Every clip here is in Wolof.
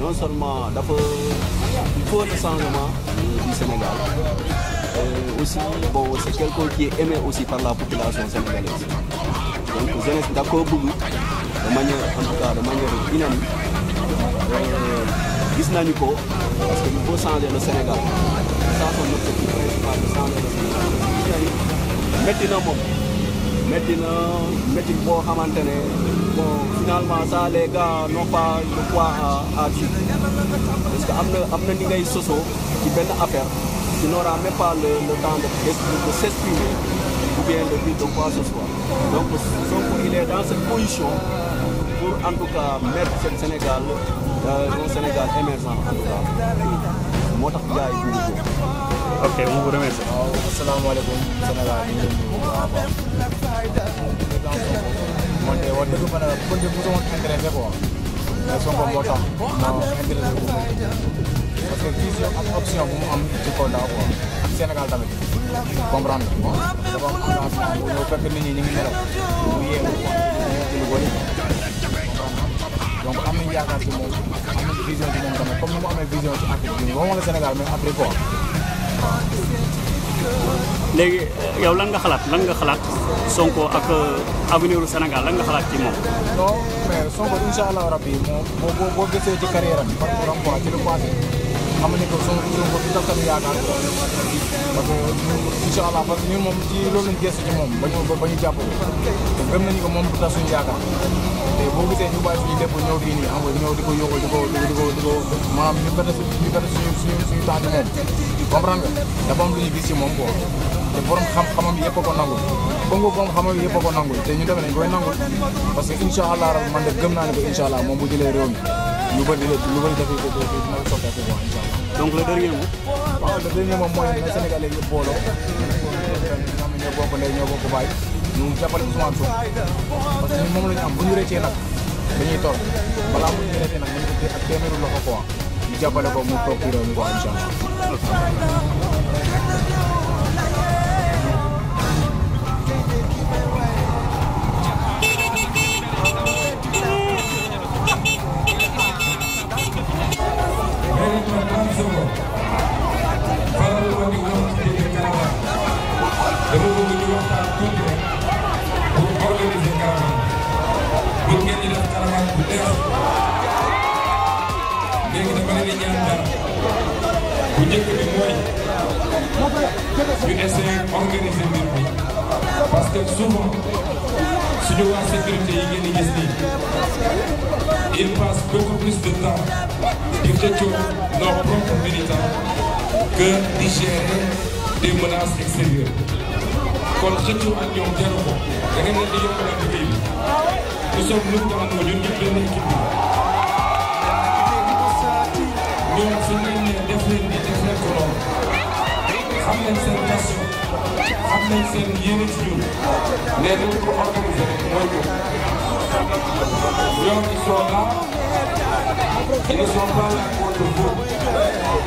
non seulement il faut le changement du Sénégal aussi bon c'est quelqu'un qui est aimé aussi par la population sénégalaise donc vous êtes d'accord bëgg de manière en tout cas de manière dynamique parce que faut changer le Sénégal Maintenant, maintenant, qu'on bi bon finalement ça les gars n'ont pas le poids à à dire parce que am les ngay affaire qui n'aura même pas le temps de s'exprimer ou bien de vivre de quoi ce soit donc donc, il est dans cette position pour en tout cas mettre le Sénégal le euh, Sénégal émergent en tout cas. moo tax gars yi bëgg ko. ok on vous remercie. waaw asalaamaaleykum Sénégal ñu ngi leen di nuyu bu baax a baax. man de wax dëgg fa la kon de mosuma intéressé quoi. mais Sonko moo tax ma intéressé ko parce que vision ak option bu mu am ci Kolda quoi ak Sénégal tamit comprendre nga. dafa am avancement bu ñëw fekk nit ñi ñu ngi nelaw mu yeewu ñu ngi ci lu bëri donc am nañu yaakaar ci moom am nañu vision ci moom tamit. mu amee vision ci Afrique bi léegi yow lan nga xalaat lan nga xalaat Sonko ak euh, avenir u Sénégal lan nga xalaat ci moom. non mais Sonko incha allah rabi moom boo boo gisee ci carrière am par rapport ci lu passé. xam ne que sama Sonko bi daf tamit yaakaar parce que incha allah parce que ñun moom ci loolu lañ gëstu ci moom ba ñu ba ñu jàppale te gëm nañu ko moom bu tax suñu yaakaar boo gisee ñu bàyyi suñu lépp ñëw nii xam nga ñëw di ko yóbbu di ko di ko di ko maanaam ñu perte ñu perte suñu suñu ñu gis ci moom quoi te borom xam-xamam yëpp a ko nangul Sonko borom xamam yëpp a ko nangul te ñu defe nañ koy nangul parce que incha allah rabi man de gëm naa ne que incha allah moom bu jëlee réew mi lu bëri la lu bëri dafay ko kii dina ko soxla kii quoi incha allah. donc le dernier mot. waaw le dernier mot mooy na Sénégalais yëpp booloo. ñoo jàppale Ousmane Sonko. parce moom la ñu am bu ñu rëccee nag dañuy toll balaa bu ñu rëccee nag ñu ngi ak téeméeru loxo quoi. ñu jàppale ko mu toog ci réew mi quoi incha bu njëkk bi mooy ñu essayer organiser bi parce que souvent suñu waa sécurité yi ngeen di gis il passe beaucoup plus de temps di xëccoo nos que di gérer des menaces kon xëccoo ak ñoom jaru ko da ngeen leen di yombalal liggéey bi nous sommes nous dans nous ñun ñëpp benn équipe Yönetimliğini defin define kolon. Hamlen sen tasyon. Hamlen sen yeni çürüm. Nedir bu adım üzerine koydu. Yok iş olan. Ils ne sont pas là contre vous.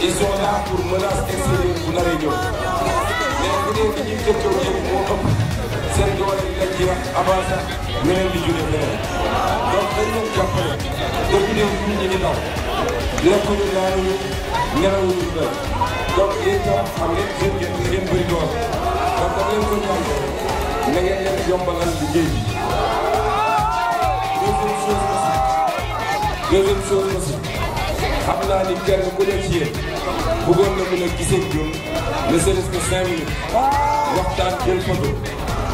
Ils sont là pour menacer extérieure pour la région. Mais vous devez dire que vous êtes sen doole yi leen di wax avancé ñeneen di jugee ñeneen donc dañ leen jàppale depuis des nit ñi di daw lekkuñu naanuñu nelawuñu bëri donc yéen tam xam ngeen seen ngeen ngeen bëri doole donc da ngeen ko ñànge na ngeen leen yombalal liggéey bi deuxième chose aussi deuxième ne ci yéen ne serait-ce que cinq minutes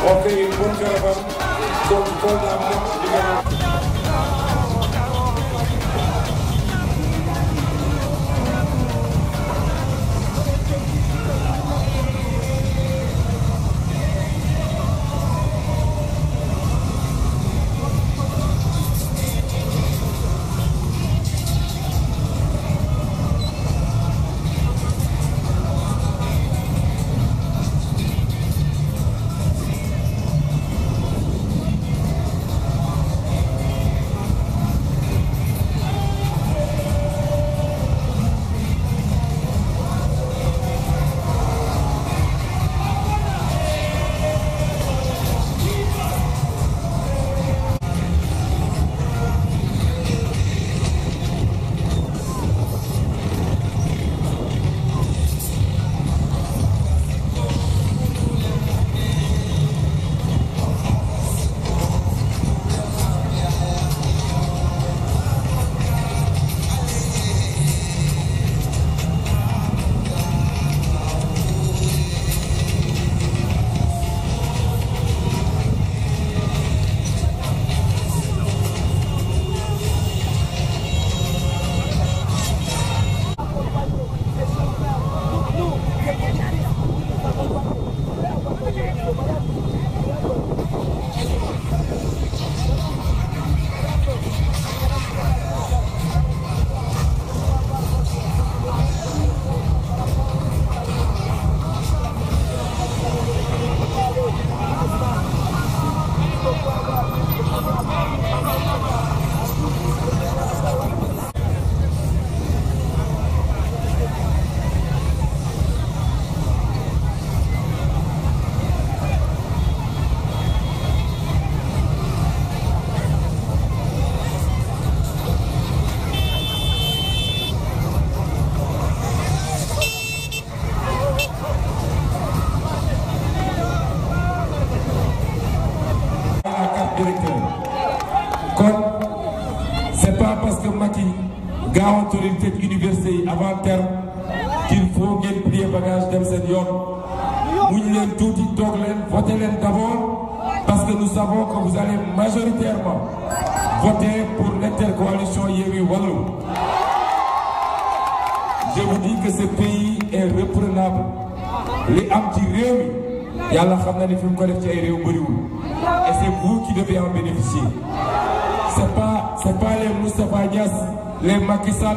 Okay, you put your zelf aan. Tot them up. qu'il faut bien plier bagage d'un seigneur. Vous muñ tout tuuti votez leen d'abord parce que nous savons que vous allez majoritairement voter pour l'intercoalition Yewi wanou je vous dis que ce pays est reprenable Les am il y a la ni et c'est vous qui devez en bénéficier c'est pas pas les Moustapha les Makissan.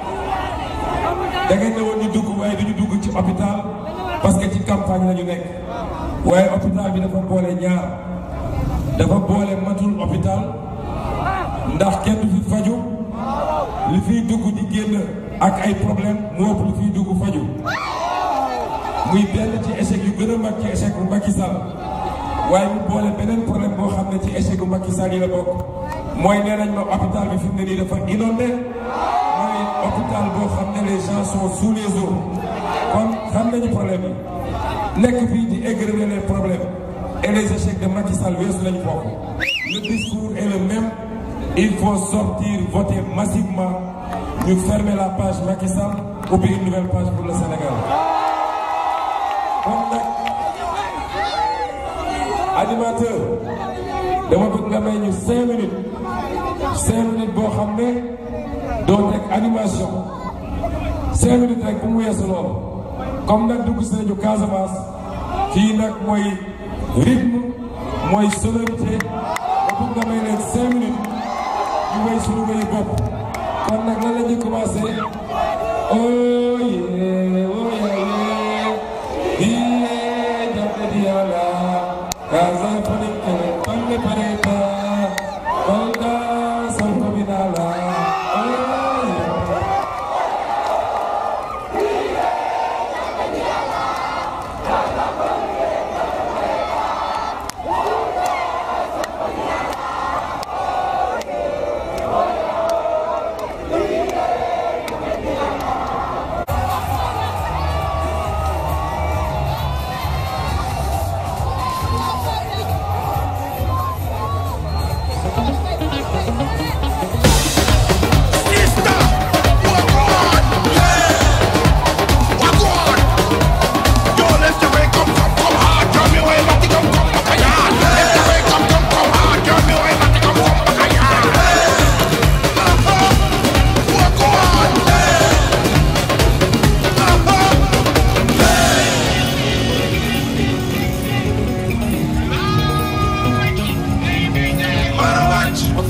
da ngeen ne woon ñu dugg waaye du ñu dugg ci hôpital parce que ci campagne la ñu nekk waaye hôpital bi dafa boole ñaar dafa boole matul hôpital ndax kenn du fi faju li fiy dugg di génn ak ay problème mu ëpp li fiy dugg faju muy benn ci échec yu gën a mag ci échec boole beneen problème boo xam ne ci échec bu Macky Sall yi la hôpital bi fi mu ne nii dafa inondé hôpital bo xamné les gens sont sous les eaux kon xamné ni problème nek fi di les problèmes et les échecs de Macky Sall weesu les bokk le discours est le même il faut sortir voter massivement nous fermer la page Macky Sall ouvrir une nouvelle page pour le Sénégal kon nag animateur dama bëgg nga may minutes 5 minutes bo xamné donc ak animation cinq minutes rek bu mu weesu loolu comme nag dugg si nañu Casamance nag mooy rythme mooy sonorité ba bëgg nga may minutes ñu may suñu wéyu bopp kon nag lan la ñuy commencé oh, oh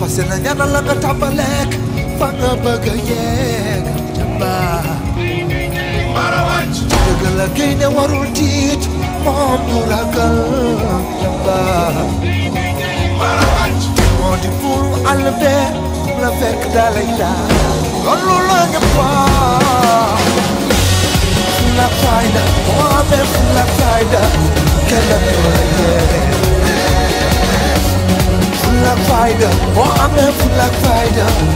fas yéene ñaanal la nga tàmbaleek fa nga bëgg a yeeg jàmbaar. marawaj. dëgg la gaynde warul tiit moom du ragal jàmbaar. marawaj. moo di buuru àll bee la fekk dalay daal loolu la nga full of fire.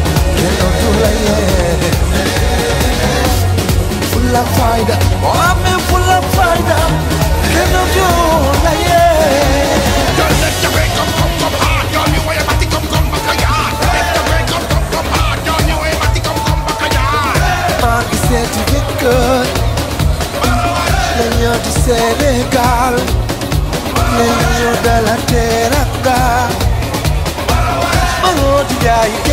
yeah.